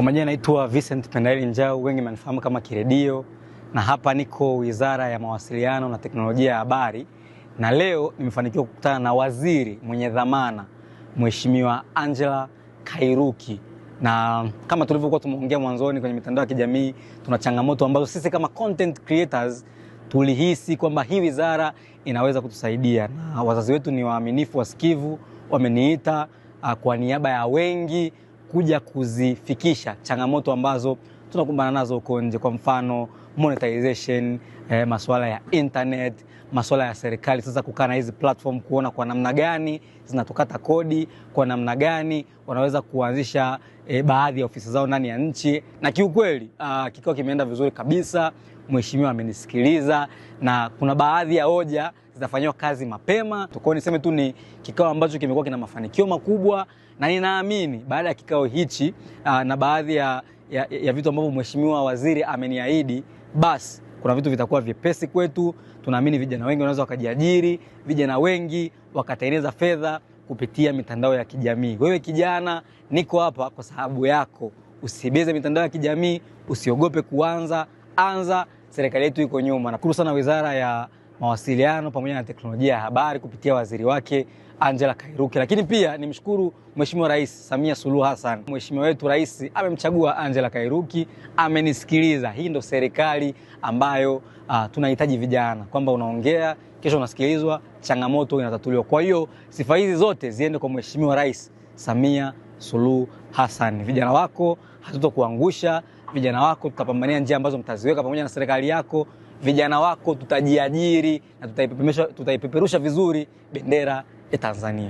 Kwa majina naitwa Vincent Pendaeli Njau, wengi mnanifahamu kama Kiredio, na hapa niko Wizara ya Mawasiliano na Teknolojia ya Habari, na leo nimefanikiwa kukutana na waziri mwenye dhamana Mheshimiwa Angela Kairuki, na kama tulivyokuwa tumeongea mwanzoni kwenye mitandao ya kijamii, tuna changamoto ambazo sisi kama content creators tulihisi kwamba hii wizara inaweza kutusaidia, na wazazi wetu ni waaminifu, wasikivu, wameniita ah, kwa niaba ya wengi kuja kuzifikisha changamoto ambazo tunakumbana nazo huko nje, kwa mfano monetization, eh, masuala ya internet, masuala ya serikali sasa kukaa na hizi platform kuona kwa namna gani zinatukata kodi, kwa namna gani wanaweza kuanzisha eh, baadhi ya ofisi zao ndani ya nchi. Na kiukweli uh, ah, kikao kimeenda vizuri kabisa, mheshimiwa amenisikiliza na kuna baadhi ya hoja zitafanyiwa kazi mapema. Kwa niseme tu ni kikao ambacho kimekuwa kina mafanikio makubwa, na ninaamini baada ya kikao hichi uh, na baadhi ya, ya, ya vitu ambavyo mheshimiwa waziri ameniahidi basi kuna vitu vitakuwa vyepesi kwetu. Tunaamini vijana wengi wanaweza wakajiajiri, vijana wengi wakatengeneza fedha kupitia mitandao ya kijamii. Wewe kijana, niko hapa kwa sababu yako. Usibeze mitandao ya kijamii, usiogope kuanza, anza. Serikali yetu iko nyuma. Nakuru sana wizara ya mawasiliano pamoja na teknolojia ya habari kupitia waziri wake Angela Kairuki. Lakini pia nimshukuru Mheshimiwa Rais Samia Suluhu Hassan, mheshimiwa wetu rais amemchagua Angela Kairuki, amenisikiliza. Hii ndo serikali ambayo uh, tunahitaji vijana, kwamba unaongea kesho unasikilizwa, changamoto inatatuliwa. Kwa hiyo sifa hizi zote ziende kwa Mheshimiwa Rais Samia Suluhu Hassan. Vijana wako hatutokuangusha vijana wako tutapambania njia ambazo mtaziweka pamoja na serikali yako, vijana wako tutajiajiri na tutaipeperusha vizuri bendera ya Tanzania.